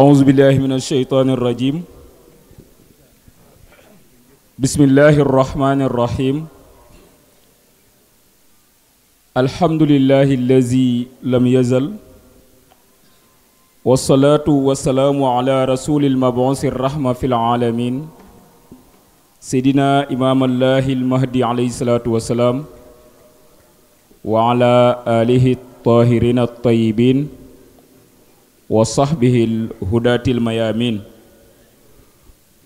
أعوذ بالله من الشيطان الرجيم بسم الله الرحمن الرحيم الحمد لله الذي لم يزل والصلاة والسلام على رسول المبعوث الرحمة في العالمين سيدنا إمام الله المهدي عليه الصلاة والسلام وعلى آله الطاهرين الطيبين wa sahbihil hudatil mayamin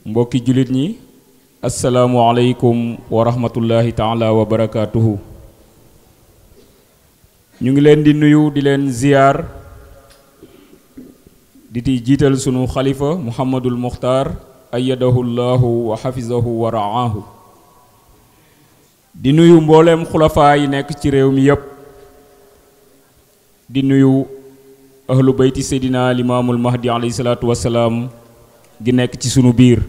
mbokki jullit ñi asalaamualeykum wa rahmatullahi taala wa barakaatuhu ñu ngi leen di nuyu di leen ziyaar di ti jiital sunu xalifa muhammadul muxtaar ayyadahu llahu wa xafizahu wa raahu di nuyu mbooleem xulafaa yi nekk ci réew mi yépp di nuyu ahlu bayti seydina limaamul mahdi alayhi salaatu wasalaam gi nekk ci sunu biir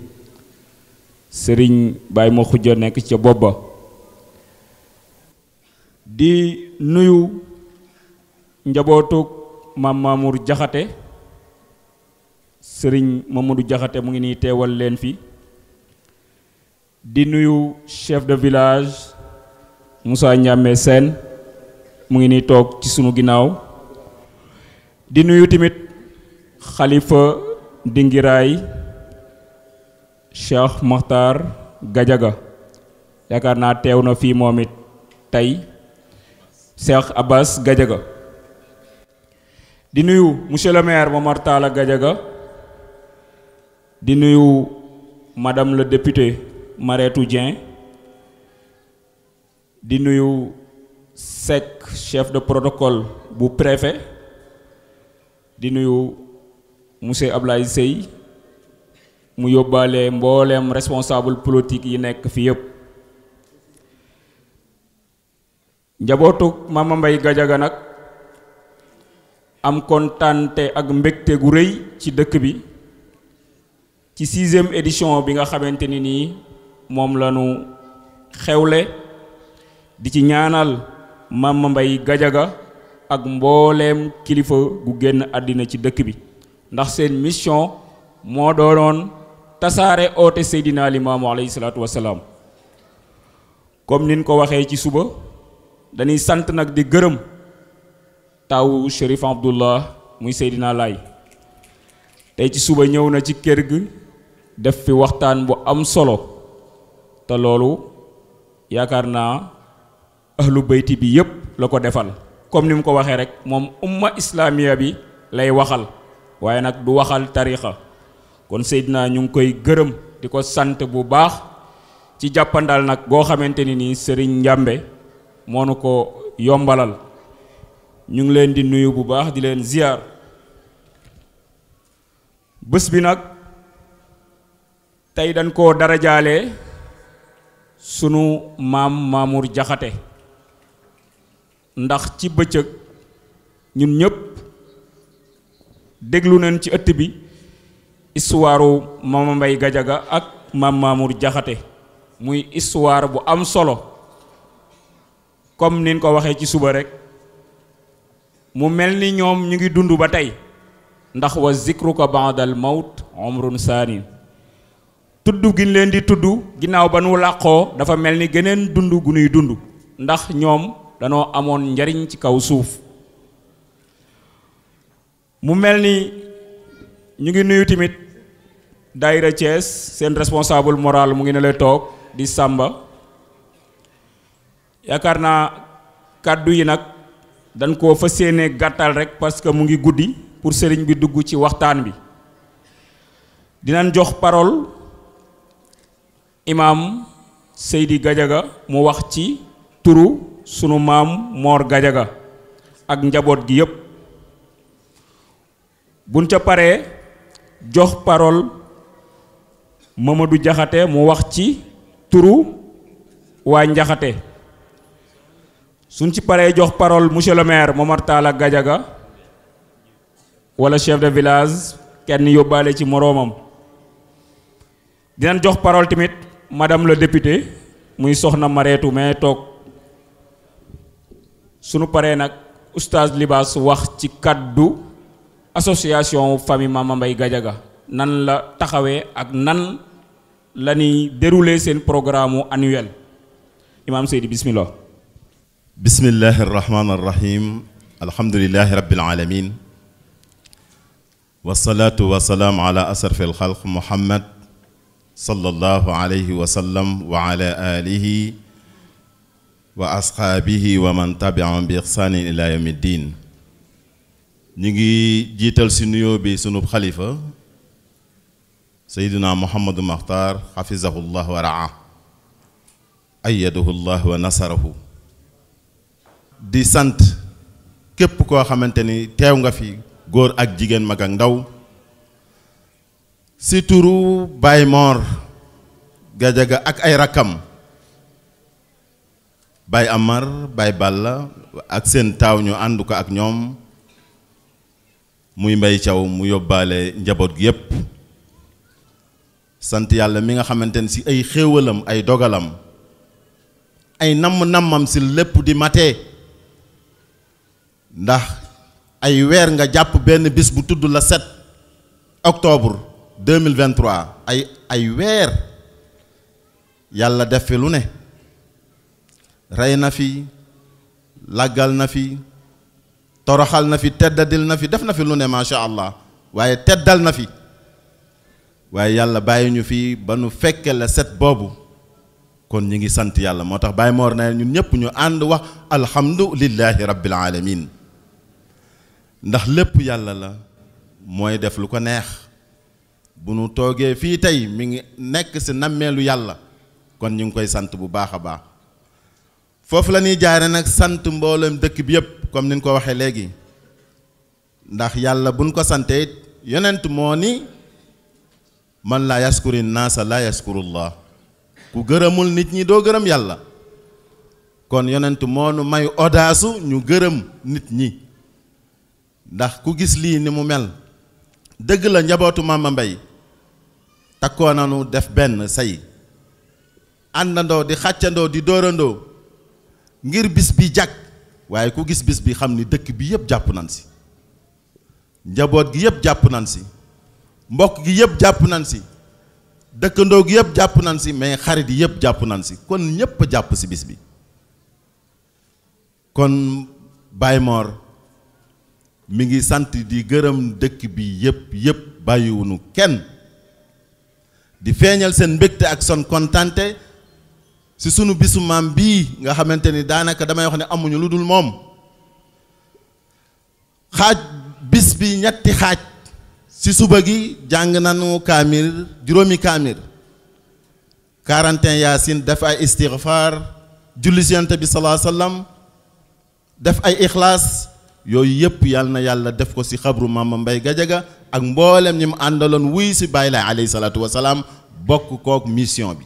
sëriñ Baye ma xujja nekk ci bopp ba di nuyu njabootuk maam Mamour Jaxate sëriñ Mamadou Jaxate mu ngi nii teewal leen fi di nuyu chef de village Moussa Ndiamé seen mu ngi nii toog ci sunu ginnaaw di nuyu tamit xalifa dingiraay Cheikh Makhtar Gajaga yaakaar naa teew na fii moom it tey Cheikh Abbas Gajaga di nuyu monsieur le maire Momar Talla Gajaga di nuyu madame le député Marietou Dieng di nuyu sec chef de protocole bu préfet di nuyu monsieur Ablaye Seye mu yóbbaale mbooleem responsable politique yi nekk fi yépp njabootu Mama Mbaye Gadiaga nag am kontante ak mbégte gu rëy ci dëkk bi ci sixième édition bi nga xamante ni nii moom la ñu xewle di ci ñaanal Mama Mbaye Gadiaga ak mbooleem kilifa gu génn àddina ci dëkk bi ndax seen mission moo doonoon tasaare oote Seydina Limaamu alayhi salaatu wasalaam comme nin ko waxee ci suba dañuy sant nag di gërëm taawu Chérif Abdullah muy Seydina Laay tey ci suba ñëw na ci kër gi def fi waxtaan bu am solo te loolu yaakaar naa ahlu bayti bi yépp la ko defal comme ni mu ko waxee rek moom umma islaamiya bi lay waxal waaye nag du waxal tarixa kon naa ñu ngi koy gërëm di ko sant bu baax ci jàppandal nag goo xamante ni nii Serigne Njàmbe moo nu ko yombalal ñu ngi leen di nuyu bu baax di leen ziar bés bi nag tey dañ koo darajaale sunu maam Mamour Jaxate ndax ci bëcëg ñun ñëpp déglu nañ ci ëtt bi histoire Mama Mbaye Gadiaga ak Mame Mamour Diakhaté muy histoire bu am solo comme niñ ko waxee ci suba rekk mu mel ni ñoom ñu ngi dund ba tey ndax wa zikruka ba'dal mawt umrun saanin tudd gi leen di tudd ginnaaw ba nu làqoo dafa mel ni geneen dund gu nuy dund ndax ñoom danoo amoon njariñ ci kaw suuf mu mel ni ñu ngi nuyu tamit daayira Thiès seen responsable moral mu ngi ne lay toog di Samba yaakaar naa kàddu yi nag dañ koo fa yéene gàttal rek parce que mu ngi guddi pour sëriñ bi dugg ci waxtaan bi dinañ jox parole imaam Seydi gajaga mu wax ci turu sunu maam Mor Gajaga ak njaboot gi yépp buñ ca paree jox parole Mamadou Jaxate mu wax ci turu waa Njaxate suñ ci paree jox parole monsieur le maire Momar Talla Gajaga walla chef de village kenn yóbbaale ci moroomam dinañ jox parole tamit madame la dépité muy soxna Mareetu mais toog sunu paree nag oustaz Libaas wax ci kaddu association famille Mama Mbaye Gadiaga nan la taxawee ak nan la ñuy dérouler seen programme annuel imaam Seydi bismillah bismillahi arrahmani arrahim alhamdulilahi rabbil alamin wasalaatu wasalaam ala asrafi alxalq muhammad sallallahu alayhi wa sallam wa ala wa asxaabihi wa man tabiahum bi ixsaanin ila yawmi diin ñu ngi jiital si nuyoo bi sunub xalifa seydina muhammadu maxtaar xafizahu llah wa raa ayadahu llah wa nasarahu di sant képp koo xamante ni teew nga fi góor ak jigéen mag ak ndaw si turu Baay Moor Gajaga ak ay rakkam Baye Amar Baye Balla ak seen taaw ñu ànd ko ak ñoom muy mbay caw mu yóbbaale njaboot gi yépp sant yàlla mi nga xamante ne si ay xéewalam ay dogalam ay namm-nammam si lépp di mate ndax ay weer nga jàpp benn bis bu tudd la 7 octobre 2023 ay ay weer yàlla def fi lu ne rey na fi laggal na fi toroxal na fi teddadil na fi def na fi lu ne macha allah waaye teddal na fi waaye yàlla bàyyi ñu fi ba nu fekke la set boobu kon ñu ngi sant yàlla moo tax Baye Mor na ñun ñëpp ñu ànd wax alhamdulillahi rabbil alamin ndax lépp yàlla la mooy def lu ko neex bu nu toogee fii tey mi ngi nekk si nammeelu yàlla kon ñu ngi koy sant bu baax a baax foofu la ñuy jaare nag sant mboolem dëkk bi yëpp comme ni ñu ko waxee léegi ndax yàlla buñ ko sante it yonent moo ni man laa yaskuri naasa laa yaskurullah ku gërëmul nit ñi doo gërëm yàlla kon yonent moo nu may odaasu ñu gërëm nit ñi ndax ku gis lii ni mu mel dëgg la njabootu Mama Mbay takkoo nanu def benn say àndandoo di xàccandoo di dóorandoo ngir bis bi jàkk waaye ku gis bis bi xam ni dëkk bi yëpp jàpp nan si njaboot gi yëpp jàpp nan si mbokk gi yëpp jàpp nan si dëkkandoo gi yëpp jàpp nan si mais xarit yi yëpp jàpp nan si kon ñépp jàpp si bis bi kon baymoor mu ngi sant di gërëm dëkk bi yëpp yëpp bàyyiwuñu kenn di feeñal seen mbégte ak son kontante ci sunu bisu maam bii nga xamante ni daanaka damay wax ne amuñu lu dul moom xaaj bis bi ñetti xaaj si suba gi jàng nañu kaamil juróomi kaamil 41 yaasin def ay istighfar julli si yonent bi salaa def ay ikhlaas yooyu yëpp yàlla na yàlla def ko ci xabru Mama Mbaye Gadiaga ak mboolem ñi mu àndaloon wuy si bàyyi laay alayhi salaatu wasalaam bokk kook mission bi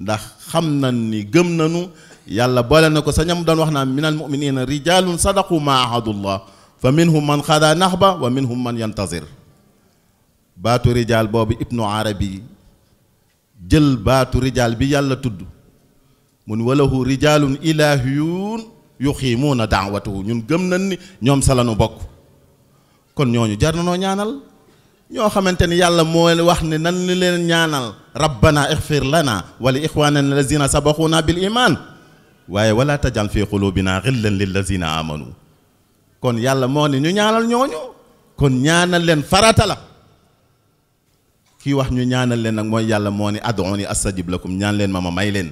ndax xam na ni gëm na nanu yàlla boole na ko sa ñam doon wax naan minal muminina rijalun sadaqu ma ahadullah fa minhum man xada naxba wa minhum man yantazir baatu rijaal boobu ibnu arabi jël baatu rijaal bi yàlla tudd mun walahu rijalun ilahiyun yuxiimuuna daawatahu ñun gëm nañ ni ñoom sa lanu bokk kon ñooñu jar na noo ñaanal ñoo xamante ni yàlla moo wax ne nan li leen ñaanal rabbana ixfir lana wa li ixwanina allazina sabaquuna bil waaye wala tajal fi qulubina xillan lillazina amanu kon yàlla moo ne ñu ñaanal ñooñu kon ñaanal leen farata la kii wax ñu ñaanal leen nag mooy yàlla moo ni ad'uni astajib lakum ñaan leen leen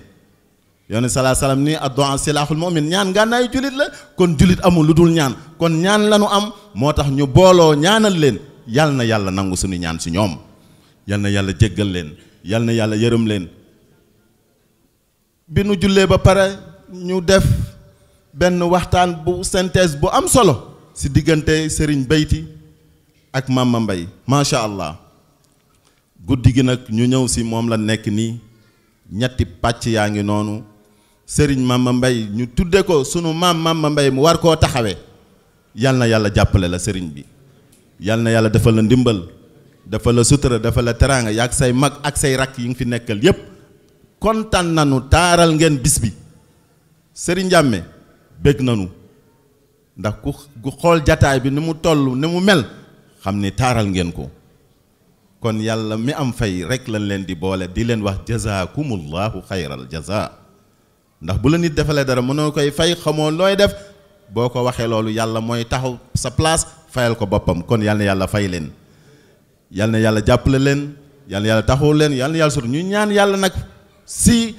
yonent salaa salaam ni addu'a ñaan ngànnaayu julit la kon julit amul lu dul ñaan kon ñaan lanu am moo tax ñu booloo ñaanal leen yal na yàlla nangu suñu ñaan si ñoom yal yàlla jéggal leen yal na yàlla yërëm leen bi nu jullee ba pare ñu def benn waxtaan bu synthèse bu am solo si diggante Serigne Beyti ak Mama mbay macha allah guddi gi nag ñu ñëw si moom la nekk nii ñetti pàcc yaa ngi noonu Serigne Mama mbay ñu tudde ko sunu maam Mama mbay mu war koo taxawee yal na yàlla jàppale la Serigne bi. yal na yàlla dafa la ndimbal dafa la sutura dafa la teraanga yaag say mag ak say rakk yi nga fi nekkal yépp kontaan nanu taaral ngeen bis bi Serigne Ndiamé bég nanu ndax ku ku xool jataay bi ni mu toll ni mu mel xam ni taaral ngeen ko kon yàlla mi am fay rek lañ leen di boole di leen wax jazakumullahu xayral jaza ndax bu la nit defalee dara mënoo koy fay xamoo looy def boo ko waxee loolu yàlla mooy taxaw sa place fayal ko boppam kon yàlla na yàlla fay leen yal na yàlla jàppale leen yal yàlla taxawu leen yal na yàlla sut ñu ñaan yàlla nag si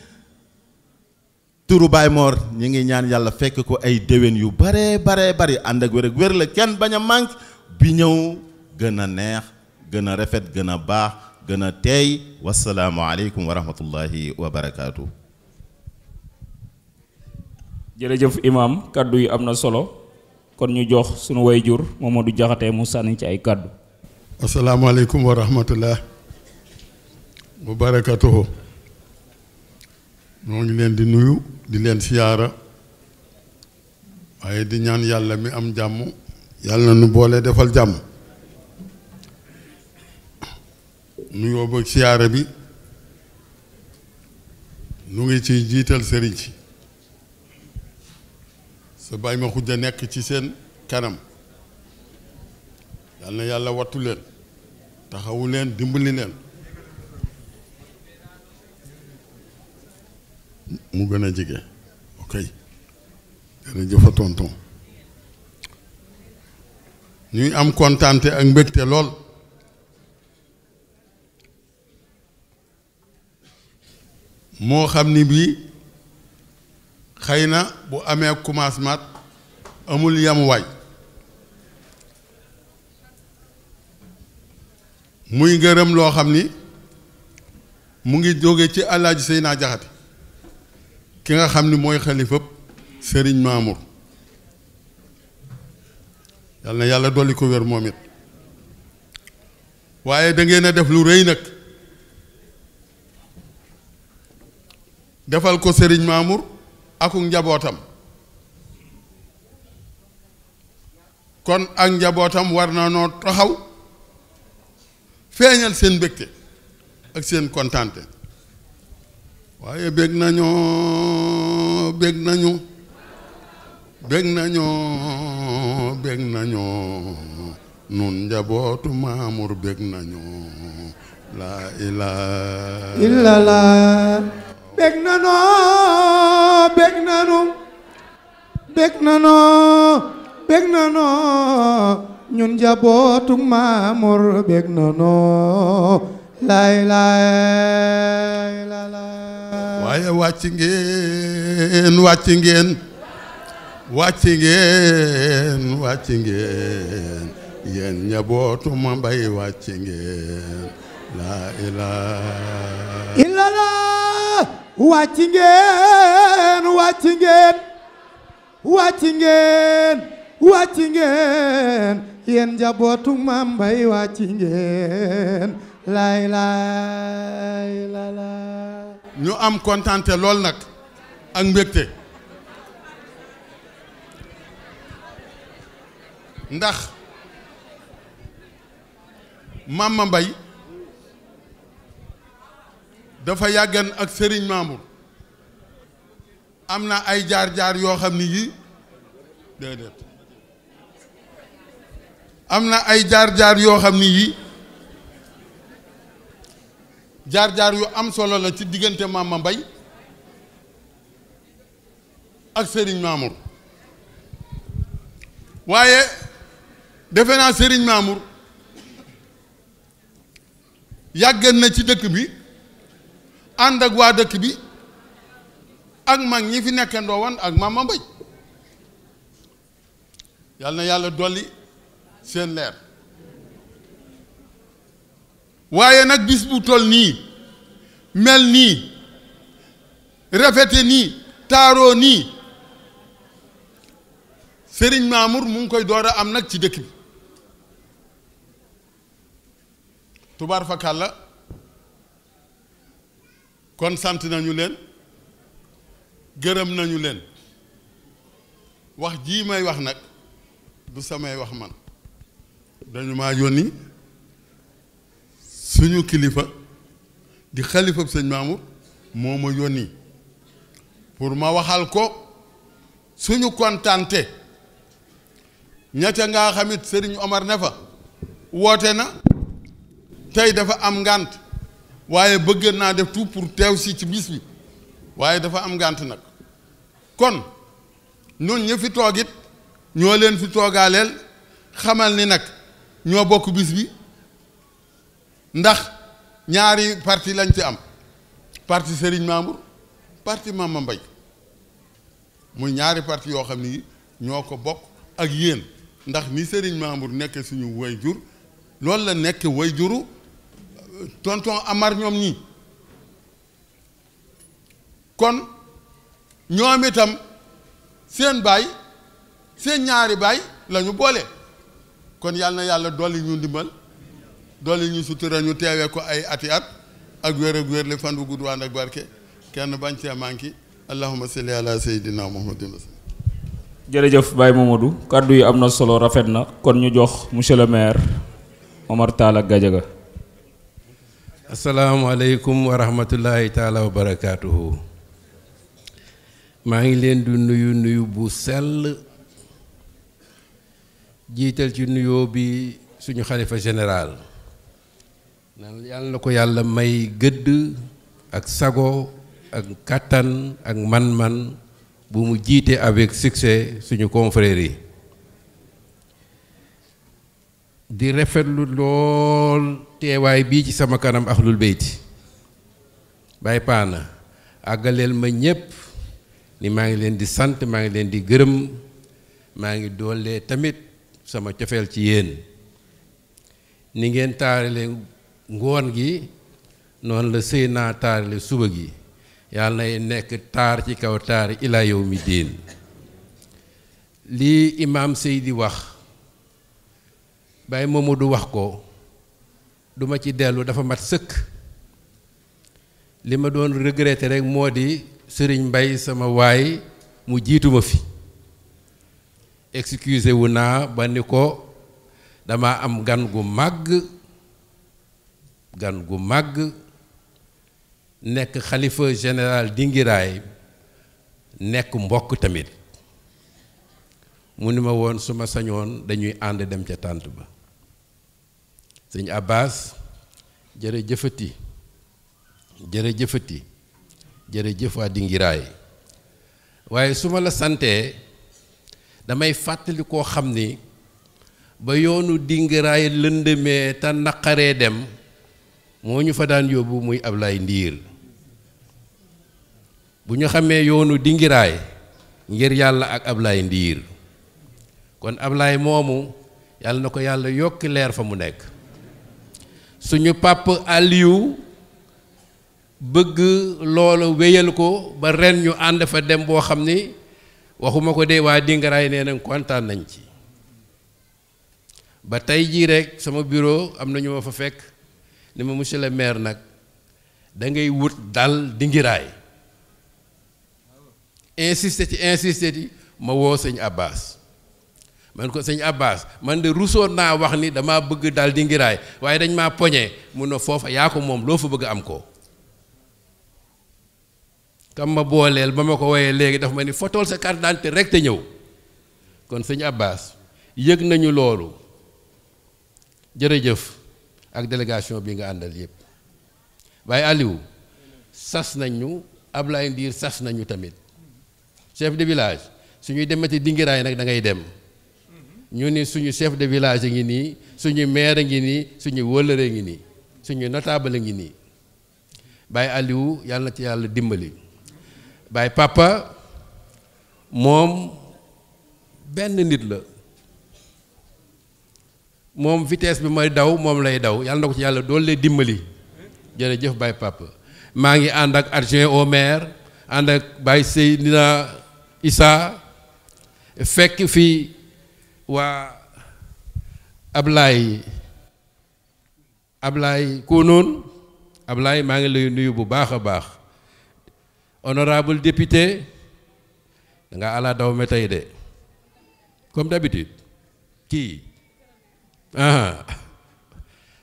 turu Baye Mor ñu ngi ñaan yàlla fekk ko ay déwén yu bare bare bari ànd ak wér ak wér la kenn bañ a mànk bi ñëw gën a neex gën a rafet gën a baax gën a teey wasalaamualeykum wa rahmatullahi wa jërëjëf imam kaddu yi am na solo. kon ñu jox sunu wayjur Mamadou Diakhaté mu sànni ci ay kàddu asalaamaaleykum wa rahmatullah wa barakatuhu moo ngi leen di nuyu di leen siyaara waaye di ñaan yàlla mi am jàmm yàlla na nu boole defal jàmm nuyoo ba siyaara bi nu ngi ciy jiital sëriñ si sa bàyyi ma xujja nekk ci seen kanam yal na yàlla wattu leen taxawu leen dimbali leen mu gën a jege ok jërëjëf tonton ñuy am kontaante ak mbégte lool moo xam ni bii xëy na bu amee commencement amul yamuwaay muy gërëm loo xam ni mu ngi jóge ci Alaaji Seynaa Jaxate ki nga xam ni mooy xalifab Sëriñ Maamur yal yàlla dolli ko wér moom it waaye da ngeen a def lu rëy nag defal ko Sëriñ Maamur akuk njabootam kon ak njabootam war na noo taxaw feeñal seen mbégte ak seen kontaante waaye bég nañoo bég nañu bég nañoo bég nañoo nun njabootu maamur bég nañoo laa ilaa ilaa bég nanoo bég nanu bég na bég nanoo ñun njabootu Maamor bég nanoo laay laay laay waaye wàcc ngeen wàcc ngeen wàcc ngeen wàcc ma mbay wàcc ngeen laa ilaaha wàcc ngeen wàcc ngeen wàcc ngeen wàcc ngeen njabootu Maam Mbay wàcc ngeen laay laay la ñu am kontante lool nag ak mbégte ndax Maam Mbay dafa yàggan ak Serigne Mamour am na ay jaar-jaar yoo xam am na ay jaar-jaar yoo xam ne yi jaar-jaar yu am solo la ci diggante Mama Mbaye ak Serigne Mamour waaye defe naa sëriñ Mamour yàggan na ci dëkk bi ànd ak waa dëkk bi ak mag ñi fi nekkandoo woon ak maam ma mbëj yàlla na yàlla dolli seen leer waaye nag bis bu toll nii mel nii rafete nii taaroo nii sëriñ Mamour mu ngi koy doora am nag ci dëkk bi tubaar fakàlla kon sant nañu leen gërëm nañu leen wax jii may wax nag du samay wax man dañu ma yónni suñu kilifa di xalifab sëñ Mamour moo ma yónni pour ma waxal ko suñu kontante ñette ngaa xamit sëriñ Omar ne fa woote na tey dafa am ngànt waaye bëgg naa def tout pour teew si ci bis bi waaye dafa am ngànt nag kon ñun ñu fi toog it ñoo leen fi toogaaleel xamal ni nag ñoo bokk bis bi ndax ñaari parti lañ ci am parti Serigne Mamour parti ma Mbaye muy ñaari parti yoo xam ni ñoo ko bokk ak yéen ndax ni Serigne Mamour nekk suñu woy jur loolu la nekk woy juru tonton Amar ñoom ñi kon ñoom itam seen baay seen ñaari baay lañu boole kon yàlla na yàlla dolli ñu ndimbal dolli ñu sutura ñu teewee ko ay ati at ak wér ak wér li fan bu gudd waan ak barke kenn bañ cee manqué allahumma si ala sayyidina muhammadin jërëjëf kàddu yi am na solo rafet na kon ñu jox monsieur le maire Omar Talla asalaamualeykum wa rahmatullahi taala wa barakaatuhu maa ngi leen di nuyu nuyu bu sell jiital ci nuyoo bi suñu xalifa général naan yàlla na ko yàlla may gëdd ak sago ak kàttan ak man-man bu mu jiite avec succès suñu confrères yi di rafetlu lool teewaay bii ci sama kanam ahlul beyti bay paana àggaleel ma ñépp ni maa ngi leen di sant maa ngi leen di gërëm maa ngi doole tamit sama cofeel ci yéen ni ngeen taarale ngoon gi noonu la sëy naa taarale suba gi yàlla nay nekk taar ci kaw taar ilaa yow mi diin lii imaam Seydi wax Baye Mamadou wax ko duma ci dellu dafa mat sëkk li ma doon regretté rek moo di sëriñ mbay sama waay mu jiituma fi excusé wu naa ba ni ko dama am gan gu màgg gan gu màgg nekk xalifa général dingiraay nekk mbokk tamit mu ni ma woon su ma sañoon dañuy ànd dem ca tànt ba sëñ Abbas jërëjëfati jërëjëfati jërëjëf waa Dingiraay waaye su ma la santee damay fàttali koo xam ni ba yoonu Dingiraay lëndëmee te naqaree dem moo ñu fa daan yóbbu muy Ablaay Ndiir bu ñu xamee yoonu Dingiraay ngir yàlla ak Ablaay Ndiir kon Ablaay moomu yàlla na ko yàlla yokki leer fa mu nekk suñu pàpp Aliou bëgg loolu wéyal ko ba ren ñu ànd fa dem boo xam ni waxuma ko dee waa Dingaraay nee nañ kontaan nañ ci ba tey jii rek sama bureau am na ñu ma fa fekk ni ma monsieur le maire nag dangay wut dal Dingiraay insisté ci insisté ci ma woo sëñ Abbas man ko sëñ Abbas man de rusoon naa wax ni damaa bëgg dal di ngiraay waaye dañ maa poñe mun na foofa yaa ko moom loo fa bëgg am ko kam ma booleel ba ma ko woyee léegi dafa ma ni fotool sa carte d'identité rek te ñëw kon sëñ Abbas yëg nañu loolu jërëjëf ak délégation bi nga àndal yëpp waaye Aliou sas nañu Ablaye Ndiir sas nañu tamit chef de village su ñuy demati dingiraay nag da ngay dem ñu ni suñu chef de village a ngi nii suñu maire a ngi nii suñu wëllëre ngi nii suñu notable a ngi nii bay àlliwu yàlla na ci yàlla dimbali bay Papa moom benn nit la moom vitesse bi may daw moom lay daw yàlla na ko ci yàlla dool lay dimbali jërëjëf Baye Papa maa ngi ànd ak adjoint au maire ànd ak Baye Seydina Issa fekk fii waa Ablaye Ablaye Kounoune Ablaye maa ngi lay nuyu bu baax a baax honorable député da nga daw me tey de comme d'habitude kii ah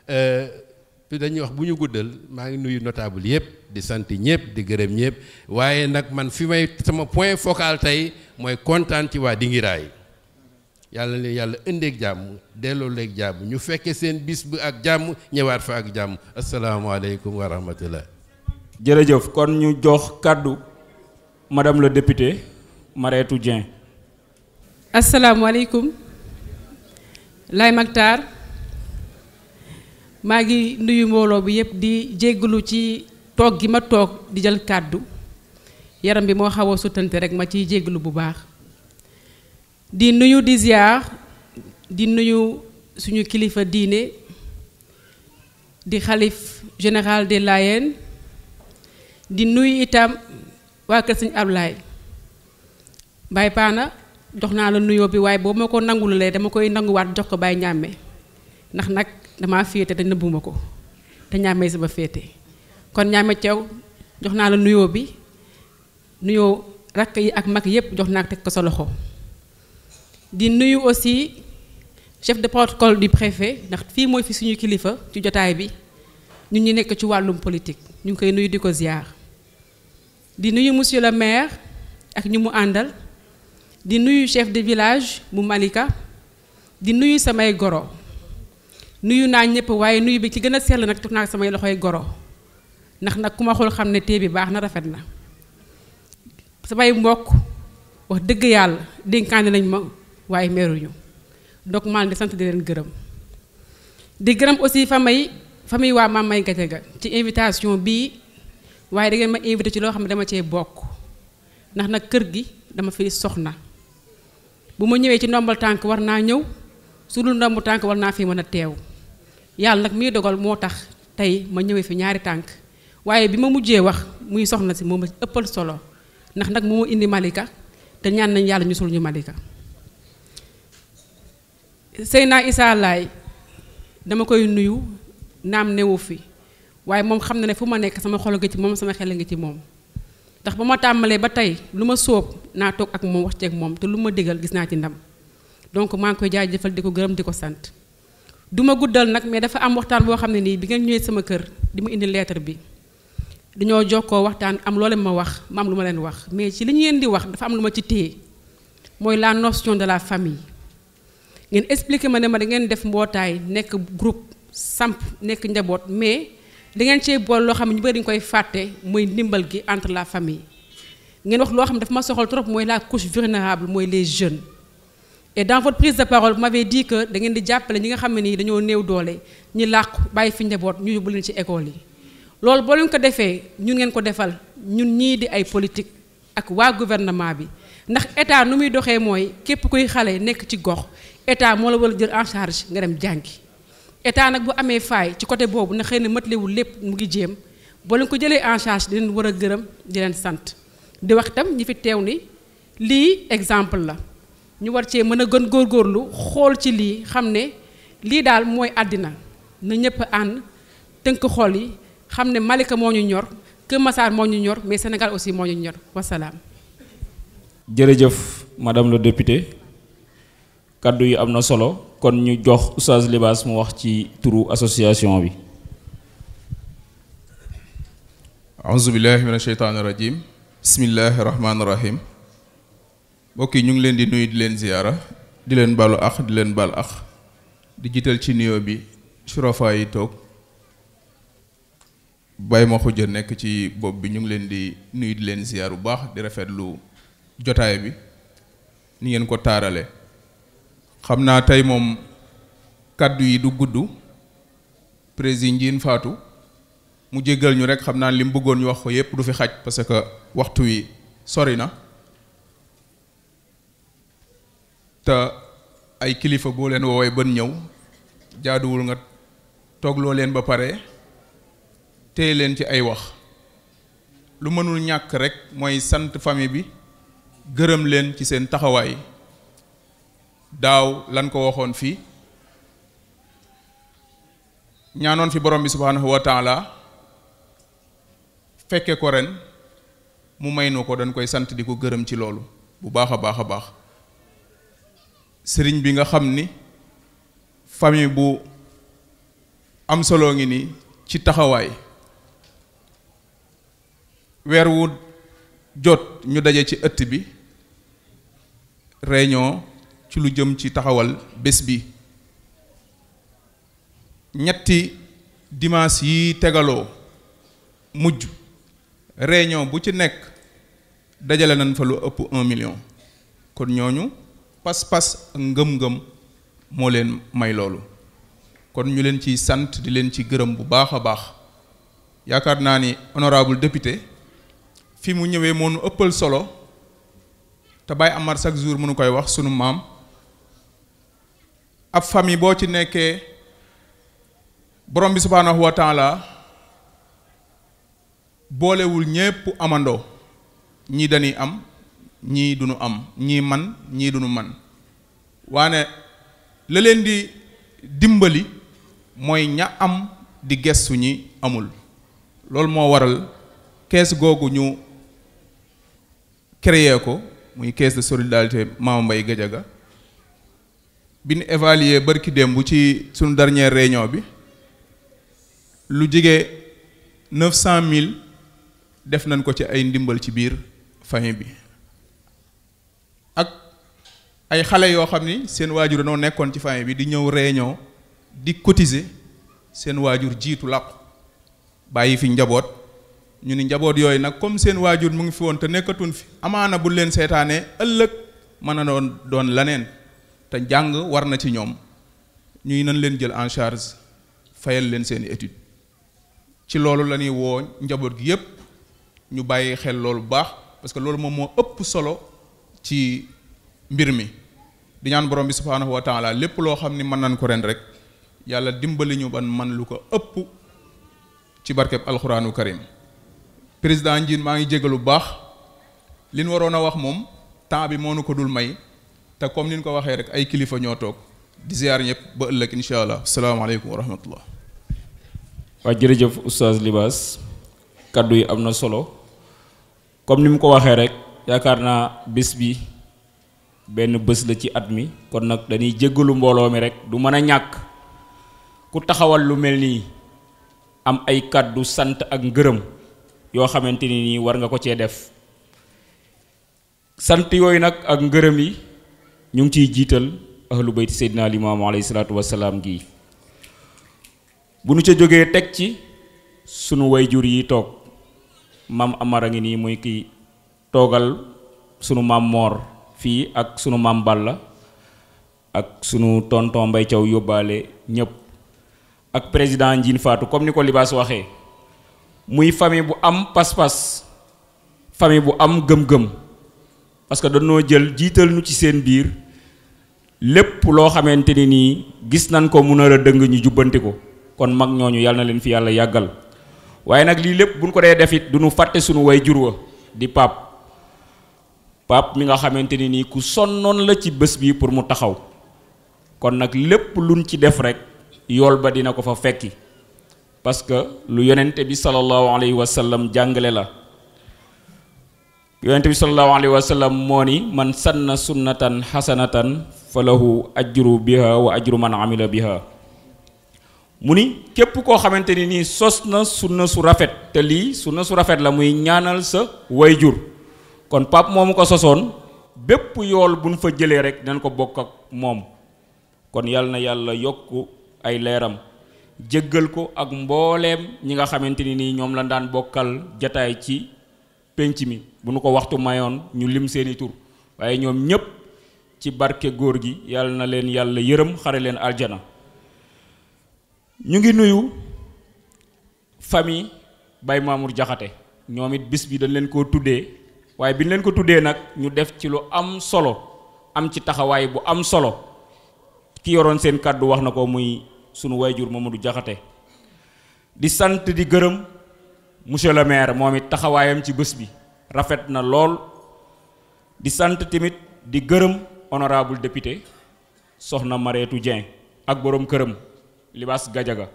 te euh, dañuy wax bu ñu guddal maa ngi nuyu notable yëpp di sant ñëpp di gërëm ñëpp waaye nag man fi may sama point focal tey mooy kontaan ci waa Dingiraay yàlla leen yàlla indeeg jàmm delloo leeg jàmm ñu fekke seen bis bi ak jàmm ñëwaat fa ak jàmm asalaamaaleykum wa rahmatullah jërëjëf kon ñu jox kàddu madame le député Marietou Dieng asalaamaaleykum Laye Mactar maa ngi nuyu mbooloo bi yépp di jéggalu ci toog gi ma toog di jël kàddu yaram bi moo xaw a suttante rek ma ciy jéggalu bu baax di nuyu di ziar di nuyu suñu kilifa diine di xalif général des Layènes di nuyu itam waa kër sëñ Ablaye Baye Paana jox naa la nuyoo bi waaye boobu ma ko nangulalee dama koy nanguwaat jox ko baay ñàmme ndax nag dama féete te nëbbuma ko te ñàmmee sama féete kon ñàmme ceew jox naa la nuyoo bi nuyo rakk yi ak mag yépp jox naa teg ko sa loxo di nuyu aussi chef de protocole du préfet ndax fii mooy fi suñu kilifa ci jotaay bi ñun ñu nekk ci wàllum politique ñu ngi koy nuyu di ko ziar di nuyu monsieur le maire ak ñu mu àndal di nuyu chef de village bu Malika di nuyu samay goro nuyu naa ñëpp waaye nuyu bi ci gën a sell nag teg naa samay loxoy goro ndax nag ku ma xool xam ne tee bi baax na rafet na samay mbokk wax dëgg yàlla dénkaane nañ ma waaye meeruñu donc maa ngi di sant di leen gërëm di gërëm aussi famille famille waa Mame Maye ga ci invitation bii waaye da ngeen ma invité ci loo xam ne dama cee bokk ndax nag kër gi dama fi soxna bu ma ñëwee ci ndombal tànk war naa ñëw su dul tànk war naa fi mën a teew yàlla nag muy dogal moo tax tey ma ñëwee fi ñaari tànk waaye bi ma mujjee wax muy soxna si moom ma ëppal solo ndax nag mu indi Malika te ñaan nañ yàlla ñu sul ñu Malika Seyna Issa Laye dama koy nuyu naam newu fi waaye moom xam na ne fu ma nekk sama xol nga ci moom sama xel ngi ci moom ndax ba ma tàmbalee ba tey lu ma sóob naa toog ak moom wax ceeg moom te lu ma digal gis naa ci ndam donc maa ngi koy jaajëfal di gërëm di ko sant du ma guddal nag mais dafa am waxtaan boo xam ne nii bi ngeen ñëwee sama kër di ma indi lettre bi dañoo jox koo waxtaan am loo ma wax ma am lu ma leen wax mais ci li ñu leen di wax dafa am lu ma ci téye mooy la notion de la famille ngeen expliqué ma ne ma da ngeen def mbootaay nekk group samp nekk njaboot mais da ngeen cee bool loo xam ne ñu bëri dañu koy fàtte muy ndimbal gi entre la famille ngeen wax loo xam ne dafa ma soxal trop mooy la couche vulnérable mooy les jeunes et dans votre prise de parole vous m'avez dit que da ngeen di jàppale ñi nga xam ne nii dañoo néew doole ñu làqu bàyyi fi njaboot ñu yóbbu leen ci école yi loolu boo leen ko defee ñun ngeen ko defal ñun ñii di ay politique ak waa gouvernement bi ndax état nu muy doxee mooy képp kuy xale nekk ci gox état moo la war a jël en charge nga dem jàngi état nag bu amee faay ci côté boobu na xëy na matlewul lépp mu ngi jéem boo leen ko jëlee en charge di leen war a gërëm di sant di wax ñi fi teew ni lii exemple la ñu war cee mën a gën góor góorlu xool ci lii xam ne lii daal mooy àddina na ñëpp ànd tënk xool yi xam ne Malika moo ñu ñor Kër Massar moo ñu ñor mais senegal aussi moo ñu ñor wasalaam. jërëjëf madame la députée. kàddu yi am na solo kon ñu jox Oustaz Libaas mu wax ci turu association bi auzu billahi min asheytaani rajim bismillahi rahmaani rahim mbokk yi ñu ngi leen di nuy di leen ziyaara di leen balu ax di leen bal ax di jiital ci nuyoo bi surafa yi toog bàyyi ma xujja nekk ci bopp bi ñu ngi leen di nuyu di leen ziyaar bu baax di rafetlu jotaay bi ni ngeen ko taarale xam naa tey moom kàddu yi du gudd président Ndiine faatu mu jéggal ñu rek xam naa lim bëggoon ñu wax ko yépp du fi xaj parce que waxtu wi sori na te ay kilifa boo leen woowee ban ñëw jaaduwul nga toogloo leen ba pare téye leen ci ay wax lu mënul ñàkk rek mooy sant famille bi gërëm leen ci seen taxawaay daaw lan ko waxoon fii ñaanoon fi borom bi subhaanahu wa taala fekke ko ren mu may nu ko dañ koy sant di ko gërëm ci loolu bu baax a baax a baax sëriñ bi nga xam ni famille bu am solo ngi ni ci taxawaay weer wu jot ñu daje ci ëtt bi réunion ci lu jëm ci taxawal bés bi ñetti dimanche yi tegaloo mujj réunion bu ci nekk dajale nañ fa lu ëpp un million kon ñooñu pas-pas ak ngëm-ngëm moo leen may loolu kon ñu leen ciy sant di leen ci gërëm bu baax a baax yaakaar naa ni honorable député fi mu ñëwee moo ëppal solo te baay Amar chaque jour mënu koy wax sunu maam ab famille boo ci nekkee borom bi subhaanahu wa boolewul ñépp amandoo ñii dañuy am ñii duñu am ñii man ñii duñu man waane la leen di dimbali mooy ña am di gestu ñi amul loolu moo waral kees googu ñu créé ko muy kees de solidarité Mame Mbaye Gadiaga bi ñu évaluer barki démb ci suñu dernière réunion bi lu jege neuf cent mille def nañ ko ci ay ndimbal ci biir famille bi ak ay xale yoo xam ni seen waajur dañoo nekkoon ci famille bi di ñëw réunion di cotiser seen waajur jiitu làqu bàyyi fi njaboot ñu ni njaboot yooyu nag comme seen waajur mu ngi fi woon te nekkatun fi amaana bu leen seetaanee ëllëg mën na doon doon laneen te jàng war na ci ñoom ñuy nan leen jël en charge fayal leen seeni étude ci loolu la ñuy woo njaboot gi yépp ñu bàyyi xel loolu bu baax parce que loolu moom moo ëpp solo ci mbir mi di ñaan borom bi subhaanahu wa taala lépp loo xam ni mën nañ ko ren rek yàlla dimbali ñu ba man lu ko ëpp ci barkeb alxuraanu karim président njiit maa ngi jégalu bu baax li ñu waroon a wax moom temps bi moo nu ko dul may te comme ni ñu ko waxee rek ay kilifa ñoo toog di ziar ñëpp ba ëllëg incha allah salaamaaleykum wa rahmatullah. waa jërëjëf oustaz Libaas kàddu yi am na solo comme ni mu ko waxee rek yaakaar naa bés bi benn bés la ci at mi kon nag dañuy jéggalu mbooloo mi rek du mën a ñàkk ku taxawal lu mel nii am ay kàddu sant ak ngërëm yoo xamante ni nii war nga ko cee def sant yooyu nag ak ngërëm yi. ñu ngi ciy jiital ahlu bayti seydina limaamu alayhi salaatu wasalaam gi bu nu ca jógee teg ci sunu wayjur yi toog maam amara ngi nii muy ki toogal sunu maam moor fii ak sunu maam la ak sunu tonton mbay caw yóbbaale ñépp ak président njiin faatu comme ni ko libaas waxee muy famille bu am pas-pas famille bu am gëm-gëm parce que dañoo jël jiital nu ci seen biir lépp loo xamante ni nii gis nañ ko mu mun a dëng ñu jubbanti ko kon mag ñooñu yàlla na leen fi yàlla yàggal waaye nag lii lépp buñ ko dee def it du ñu fàtte suñu way jur wa di pap pap mi nga xamante ni nii ku sonnoon la ci bés bi pour mu taxaw kon nag lépp luñ ci def rek yool ba dina ko fa fekki parce que lu yeneente bi sallallahu alayhi wa sallam jàngale la yonente bi sallallahu alayhi wa sallam moo ni man san sunnatan xasanatan falahu ajru biha wa ajru man amila biha mu ni képp koo xamante ni nii sos na sunna su rafet te lii sunna su rafet la muy ñaanal sa wayjur kon pap moomu ko sosoon bépp yool buñ fa jëlee rek dinañ ko bokk ak moom kon yal na yàlla yokk ay leeram jëggal ko ak mbooleem ñi nga xamante ni ñoom la daan bokkal jataay ci pénc mi bu nu ko waxtu mayoon ñu lim seeni tur waaye ñoom ñépp ci barke góor gi yàlla na leen yàlla yërëm xare leen aljana ñu ngi nuyu famille bay Mamour jaxate ñoom it bis bi dañ leen koo tuddee waaye bi ñu leen ko tuddee nag ñu def ci lu am solo am ci taxawaay bu am solo ki yoroon seen kàddu wax na ko muy sunu waajur Mamadou Diakhaté di sant di gërëm monsieur le maire moom it taxawaayam ci bés bi rafet na lool di sant tamit di gërëm honorable député soxna Mareetu Dieng ak boroom këram Libaas Gajaga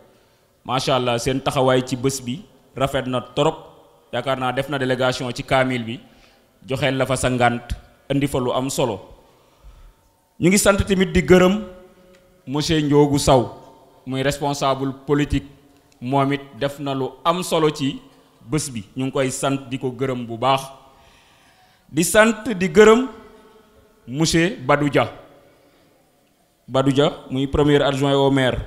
macha allah seen taxawaay ci bés bi rafet na torop yaakaar naa def na délégation ci kaamil bi joxeel la fa sa ngànt indi fa lu am solo ñu ngi sant tamit di gërëm monsieur Ndiogu Saw muy responsable politique moom it def na lu am solo ci bës bi ñu ngi koy sant di ko gërëm bu baax di sant di gërëm monsieur Badou ja Badou ja muy premier adjoint au maire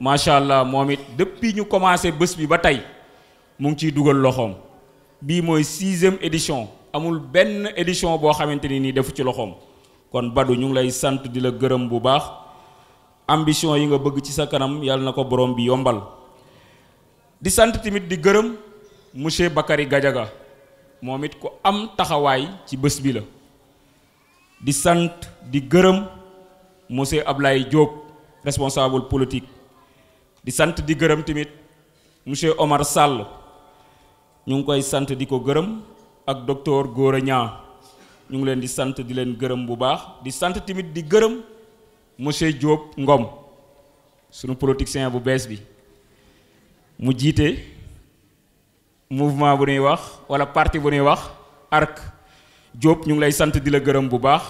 macha allah moom it depuis ñu commencé bés bi ba tey mu ngi ciy dugal loxoom bii mooy sixième édition amul benn édition boo xamante ni nii defu ci loxoom kon badu ñu ngi lay sant di la gërëm bu baax ambition yi nga bëgg ci sa kanam yàlla na ko borom bi yombal di sant tamit di gërëm. monsieur bakkari Gadiaga moom it ko am taxawaay ci bés bi la di sant di gërëm monsieur Ablaye Diop responsable politique di sant di gërëm tamit monsieur Omar sàll ñu ngi koy sant di ko gërëm ak docteur Gora Niang ñu ngi leen di sant di leen gërëm bu baax di sant tamit di gërëm monsieur Diop Ngom sunu politicien bu bees bi mu jiite. mouvement bu nuy wax wala parti bu ñuy wax ARC Diop ñu ngi lay sant di la gërëm bu baax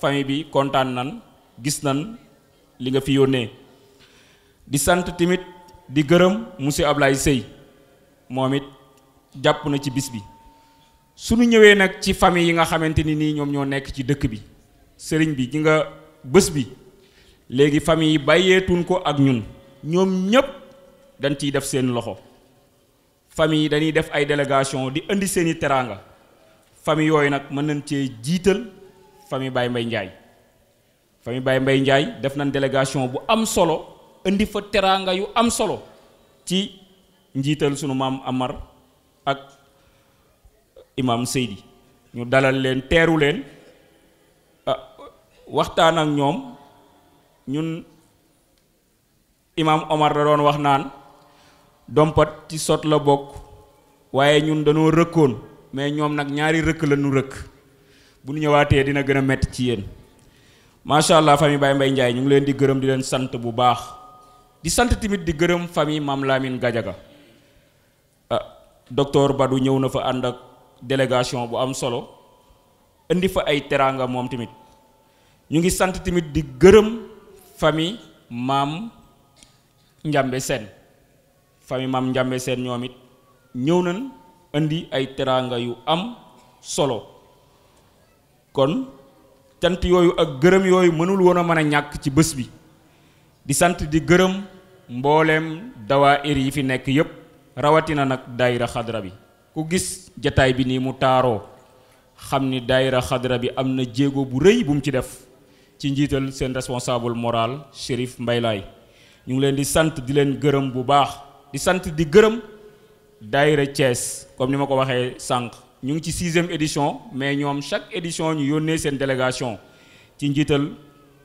famille bi kontaan nan gis nan li nga fi yónnee di sant tamit di gërëm monsieur Ablaye sëy moom it jàpp na ci bis bi suñu ñëwee nag ci famille yi nga xamante ni nii ñoom ñoo nekk ci dëkk bi sëriñ bi gi nga bës bi léegi fami yi bàyyeetuñ ko ak ñun ñoom ñépp dañ ciy def seen loxo famille yi dañuy def ay délégation di indi seen i teraanga famille yooyu nag mën nañ cee jiital famille Baye mbay njaay famille Baye mbay njaay def nañ délégation bu am solo indi fa teraanga yu am solo ci njiital sunu maam Amar ak imaam Seydi ñu dalal leen teeru leen ah, waxtaan ak ñoom ñun imaam Omar da doon wax naan. dompat ci sot la bokk waaye ñun dañoo rëkkoon mais ñoom nag ñaari rëkk la ñu rëkk bu ñu ñëwaatee dina gën metti ci yéen macha allah famille Baye Mbaye Ndiaye ñu ngi leen di gërëm di leen sant bu baax di sant tamit di gërëm famille Mame Lamine Gadiaga ah docteur Badou ñëw na fa ànd ak délégation bu am solo indi fa ay teraanga moom tamit ñu ngi sant tamit di gërëm famille Mame Ndiambe Sène famille maam Njàmbe seen ñoom it ñëw nañ indi ay teraanga yu am solo kon cant yooyu ak gërëm yooyu mënul woon a mën a ñàkk ci bés bi di sant di gërëm mbooleem dawaa dawaayir yi fi nekk yépp rawatina nag daayira xadra bi ku gis jataay bi nii mu taaroo xam ni daayira xadra bi am na jéego bu rëy bu mu ci def ci njiital seen responsable moral Chérif Mbaylaay ñu ngi leen di sant di leen gërëm bu baax di sant di gërëm dayre Thiès comme ni ma ko waxee sànq ñu ngi ci sixième édition mais ñoom chaque édition ñu yónnee seen délégation ci njiital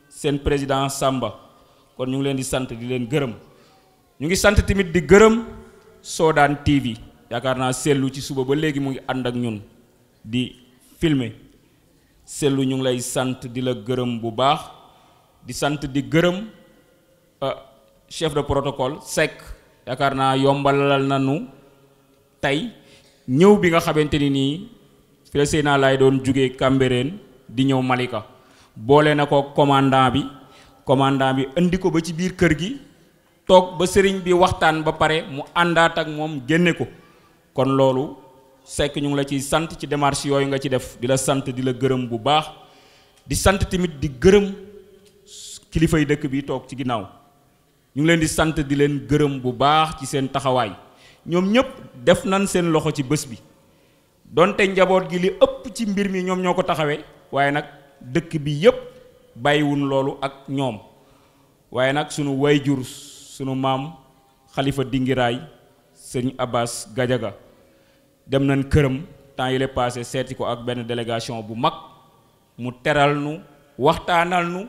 seen président Samba kon ñu ngi leen di sant di leen gërëm ñu ngi sant tamit di gërëm soo Soodaan TV yaakaar naa seetlu ci suba ba léegi mu ngi ànd ak ñun di filmer seetlu ñu ngi lay sant di la gërëm bu baax di sant di gërëm euh, chef de protocole Seck yaakaar naa yombalal nu tey ñëw bi nga xamante ni nii fi la Seyna laay doon jóge Cambérène di ñëw Malika boole na ko commandant bi commandant bi indi ko ba ci biir kër gi toog ba sëriñ bi waxtaan ba pare mu àndaat ak moom génne ko kon loolu sekk ñu ngi la ciy sant ci démarche yooyu nga ci def di la sant di la gërëm bu baax di sant tamit di gërëm kilifay dëkk bi toog ci ginnaaw ñu ngi leen di sant di leen gërëm bu baax ci seen taxawaay ñoom ñëpp def nañ seen loxo ci bés bi donte njaboot gi li ëpp ci mbir mi ñoom ñoo ko taxawee waaye nag dëkk bi yëpp bàyyiwun loolu ak ñoom waaye nag sunu wayjur sunu maam xalifa dingiraay sëñ Abbas Gajaga dem nañ këram temps yi la passé seeti ko ak benn délégation bu mag mu teral nu waxtaanal nu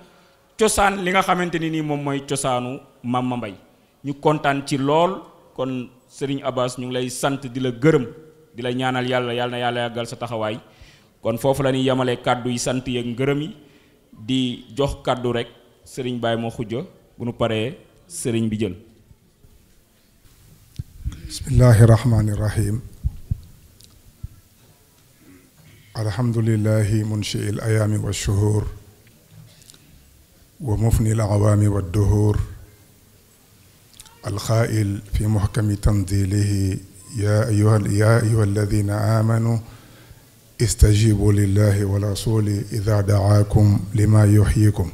cosaan li nga xamante ni nii moom mooy cosaanu Mama Mbaye ñu kontaan ci lool kon sëriñ Abbas ñu ngi lay sant di la gërëm di la ñaanal yàlla yàlla yàlla yàggal sa taxawaay kon foofu la ñuy yemale kàddu yi sant yeeg ngërëm yi di jox kàddu rek Serigne Baye moo xujja bu nu paree Serigne bi jël. bismillahi rahmaani rahim. alhamdulillahi munshi il ومفني العوام والدهور القائل في محكم تنزيله يا أيها يا أيها الذين آمنوا استجيبوا لله والرسول إذا دعاكم لما يحييكم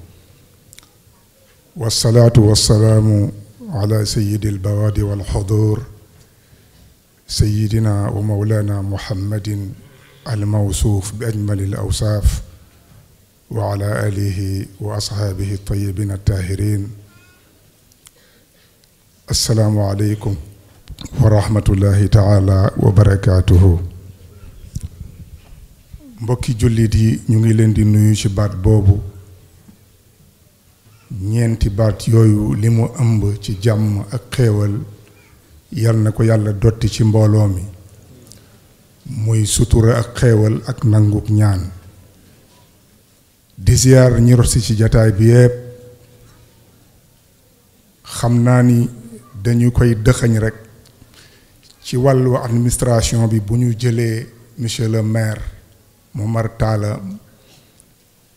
والصلاة والسلام على سيد البواد والحضور سيدنا ومولانا محمد الموصوف بأجمل الأوصاف wa ala alihi wa ashaabihi tayibiin attaahirin assalaamu aleykum wa rahmatullahi taala wa barakaatuhu mbokki jullit yi ñu ngi leen di nuyu ci baat boobu ñeenti baat yooyu li mu ëmb ci jàmm ak xéewal yal na ko yàlla dotti ci mbooloo mi muy sutura ak xéewal ak nanguk ñaan di ziar ñi rosi ci jataay bi yépp xam naa ni dañu koy dëxañ rek ci wàllu administration bi bu ñu jëlee monsieur le maire Momar Talla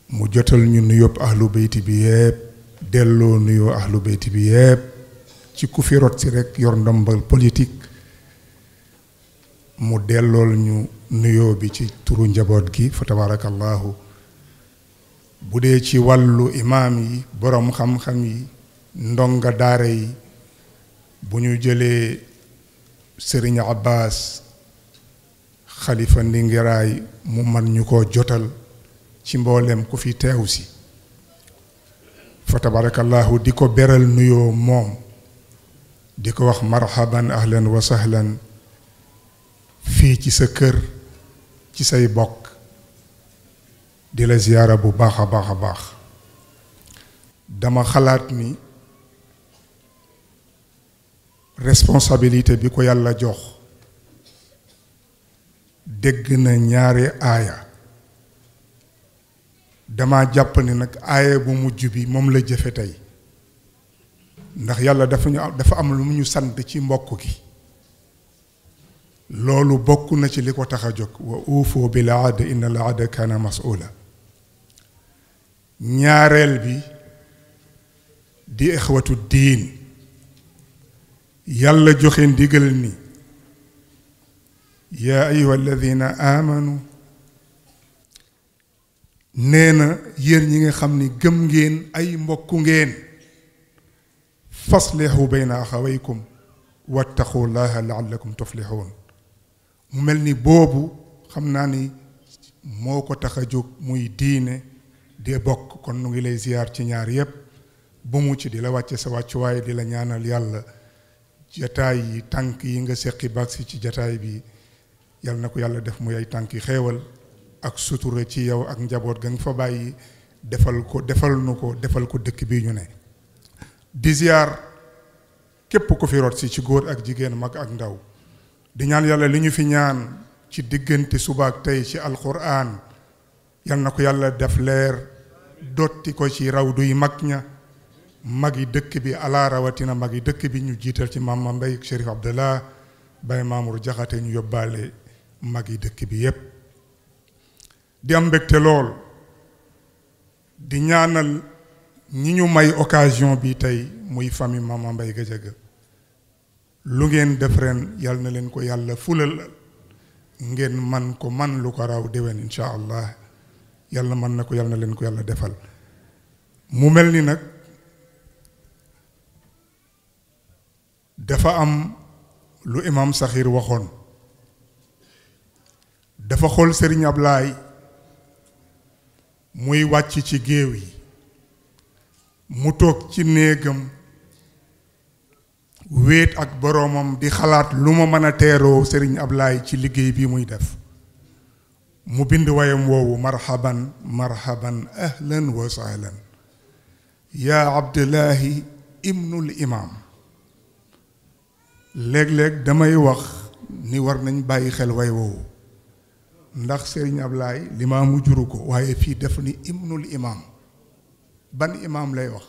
mu jotal ñu nuyób ahlu bayti bi yépp delloo nuyoo ahlu bayti bi yépp ci ku fi rot si rek yor ndombal politik mu dellool ñu nuyoo bi ci turu njaboot gi fa tabarakallahu bu dee ci wàllu imaam yi boroom xam-xam yi ndongo daara yi bu ñu jëlee sëriñ Abbas xalifa ndingiraay mu man ñu ko jotal ci mboolem ku fi teew si fa tabarakallahu di ko beral nuyoo moom di ko wax marhaban ahlan wa sahlan fii ci sa kër ci say bokk di la ziyaara bu baax a baax a baax dama xalaat ni responsabilité bi ko yàlla jox dégg na ñaari aaya dama jàpp ni nag aaya bu mujj bi moom la jëfe tey ndax yàlla dafa ñu dafa am lu mu ñu sant ci mbokk gi loolu bokk na ci li ko tax a jóg wa uufoo bil ahdi inna al ahda kaana mas'uula ñaareel bi di ixwatu diin yàlla joxe ndigal ni yaa ayuha alladina amanu nee na yéen ñi nga xam ni gëm ngeen ay mbokk ngeen faslihu bayna axawaykum wattaqu llaha laallakum tuflixuun mel ni boobu xam naa ni moo ko tax a jóg muy diine dee bokk kon nu ngi lay ziar ci ñaar yépp bu mu ci di la wàcce sa wàccuwaay di la ñaanal yàlla jataay yi tànk yi nga seqi si ci jataay bi yàlla na ko yàlla def mu ay tànk yi xeewal ak sutura ci yow ak njaboot ga fa bàyyi defal ko defal ko defal ko dëkk bi ñu ne di képp ku fi rot ci góor ak jigéen mag ak ndaw di yàlla li ñu fi ñaan ci diggante suba tey ci alquran yal na ko yàlla def leer dotti ko ci rawdu yi mag ña mag yi dëkk bi ala rawatina yi dëkk bi ñu jiital ci maam ma mbay Chérif Abdallah Baye Mamour Jaxate ñu yóbbaale yi dëkk bi yépp di am mbégte lool di ñaanal ñi ñu may occasion bi tey muy famille Mama Mbaye Gadiaga lu ngeen def ren yal na leen ko yàlla fulal ngeen man ko man lu ko raw déwén incha allah yàlla mën na ko yàlla na leen ko yàlla defal mu mel ni nag dafa am lu imam Saxiir waxoon dafa xool Sëriñ Ablaay muy wàcc ci géew yi mu toog ci néegam wéet ak boroomam di xalaat lu ma mën a teeroo Sëriñ Ablaay ci liggéey bii muy def mu bind wayam woowu marhaban marhaban ahlan wa sahlan yaa abdullahi ibnul imaam léeg-léeg damay wax ni war nañ bàyyi xel way woowu ndax sëriñ Ablaay limaamu juru ko waaye fii def ni ibnul imaam ban imaam lay wax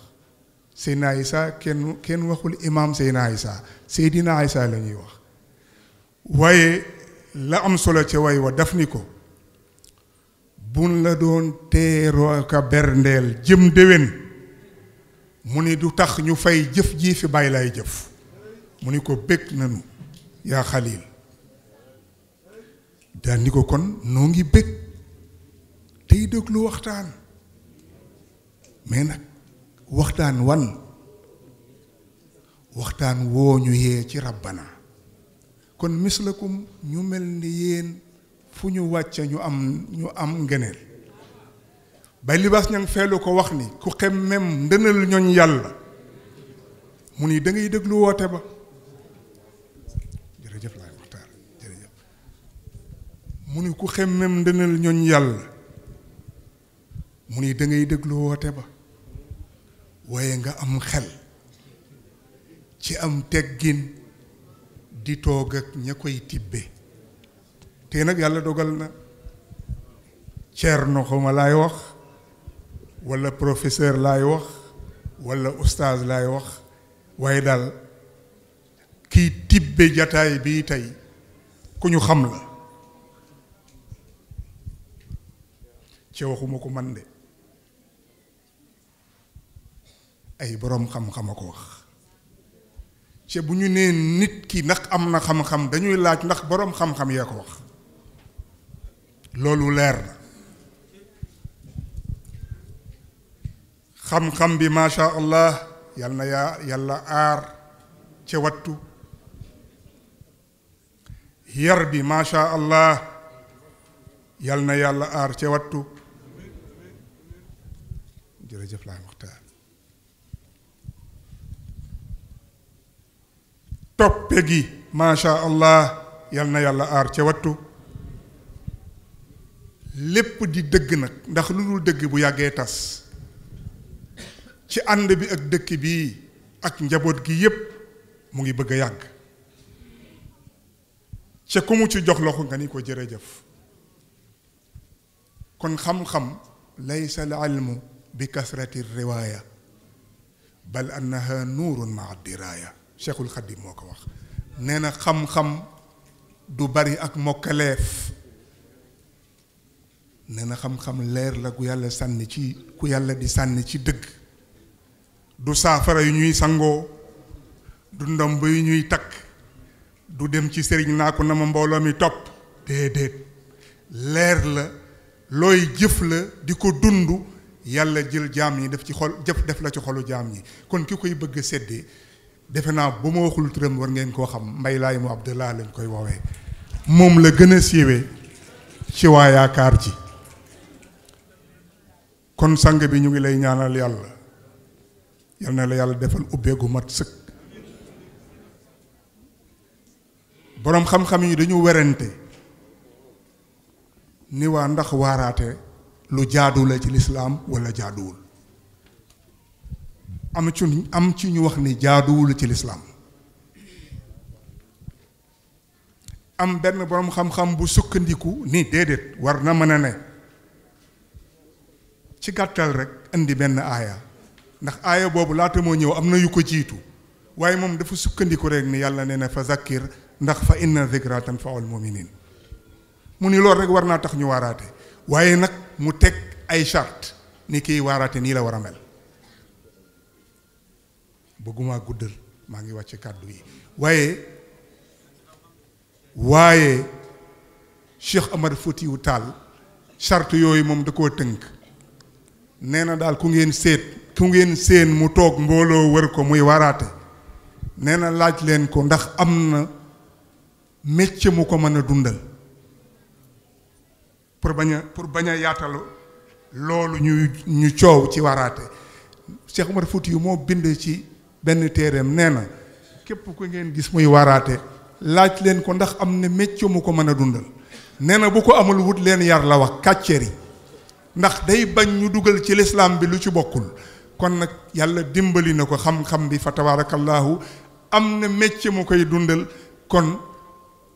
Seydina Isa kenn kenn waxul imaam Seydina Isa Seydina Isa la ñuy wax waaye la am solo ca way wa daf ni ko buñ la doon teeroo ka berndeel jëm déwén mu ni du tax ñu fay jëf jii fi bàyyi lay jëf mu ni ko bég nanu yaa xalil daan ko kon noo ngi bég tey déglu waxtaan mais nag waxtaan wan waxtaan woo ñu yee ci rabbana kon mislakum ñu mel ni yéen fu ñu wàcce ñu am ñu am ngëneel bay libaas ña ngi feelu ko wax ni ku xem mem ndënal ñooñ yàlla mu ni dangay ngay déglu ba jërëjëf ni ku xem mem ndënal yàlla mu ni da ngay woote ba waaye nga am xel ci am teggin di toog ak ña koy tibbe tey nag yàlla dogal na Thierno xawma laay wax walla professeur laay wax walla oustaz laay wax waaye daal kiy tibbe jataay bii tey ku ñu xam la ci waxuma ko man de ay boroom xam-xam a ko wax ci bu ñu nee nit ki ndax am na xam-xam dañuy laaj ndax boroom xam-xam yaa ko wax loolu leer na xam-xam bi macha allah yàlla aar ca wattu yar bi macha allah na yàlla aar ca wattu jërëjëf laay toppe gi macha allah yal na yàlla aar ca wattu lépp di dëgg nag ndax lu dul dëgg bu yàggee tas ci ànd bi ak dëkk bi ak njaboot gi yépp mu ngi bëgg a yàgg ca ku mu ci jox loxo nga ni ko jërëjëf kon xam-xam laysa al bi kasrati riwaaya bal annaha nuurun maa diraaya cheikhul xadim moo ko wax nee na xam-xam du bari ak mokkaleef nee na xam-xam leer la ku yàlla sànni ci ku yàlla di sànni ci dëgg du saafara yu ñuy sangoo du ndomb yu ñuy takk du dem ci sëriñ naa ko na ma mbooloo mi topp déedéet leer la looy jëf la di ko dund yàlla jël jaam yi def ci xol jëf def la ci xolu jaam yi kon ki koy bëgg a defe naa bu ma waxul turam war ngeen koo xam mbay laay mu abdallah lañ koy woowee moom la gën a siiwee ci waa yaakaar ji kon sang bi ñu ngi lay ñaanal yàlla yal na la yàlla defal ubbeegu mat sëkk boroom xam-xam yi dañu werante ni waa ndax waaraate lu jaadu la ci lislaam wala jaaduwul am ci am ci ñu wax ni jaaduwul ci lislaam am benn boroom xam-xam bu sukkandiku ni déedéet war na mën a ne ci gàttal rek indi benn aaya ndax aaya boobu laata moo ñëw am na yu ko jiitu waaye moom dafa sukkandiku rek ni yàlla nee na fa zakkir ndax fa inna zikra tanfaul muminin mu ni loolu rek war naa tax ñu waaraate waaye nag mu teg ay charte ni kiy waaraate nii la war a mel bëgguma guddal maa ngi wàcce kàddu yi waaye waaye Cheikh Amar Foutiyou Tall charte yooyu moom da koo tënk nee na daal ku ngeen séet ku ngeen séen mu toog mbooloo wër ko muy waraate nee na laaj leen ko ndax am na métier mu ko mën a dundal pour bañ a pour loolu ñu ñu coow ci waraate Cheikh Omar Foutiyou moo bind ci benn téereem nee na képp ku ngeen gis muy waraate laaj leen ko ndax am na métier mu ko mën a dundal nee na bu ko amul wut leen yar la wax kàcceer yi ndax day bañ ñu dugal ci lislaam bi lu ci bokkul kon nag yàlla dimbali na ko xam-xam bi fa tabaarakallaahu am na métier mu koy dundal kon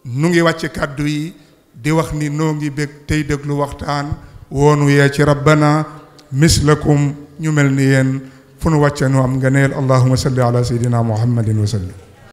nu ngi wàcc kàddu yi di wax ni noo ngi bég tey déglu waxtaan woonu yee ci rabbana mislakum ñu mel ni yéen fu nu wàcce nu am nga neel allahuma salli ala sayyidina muhammadin wa sallim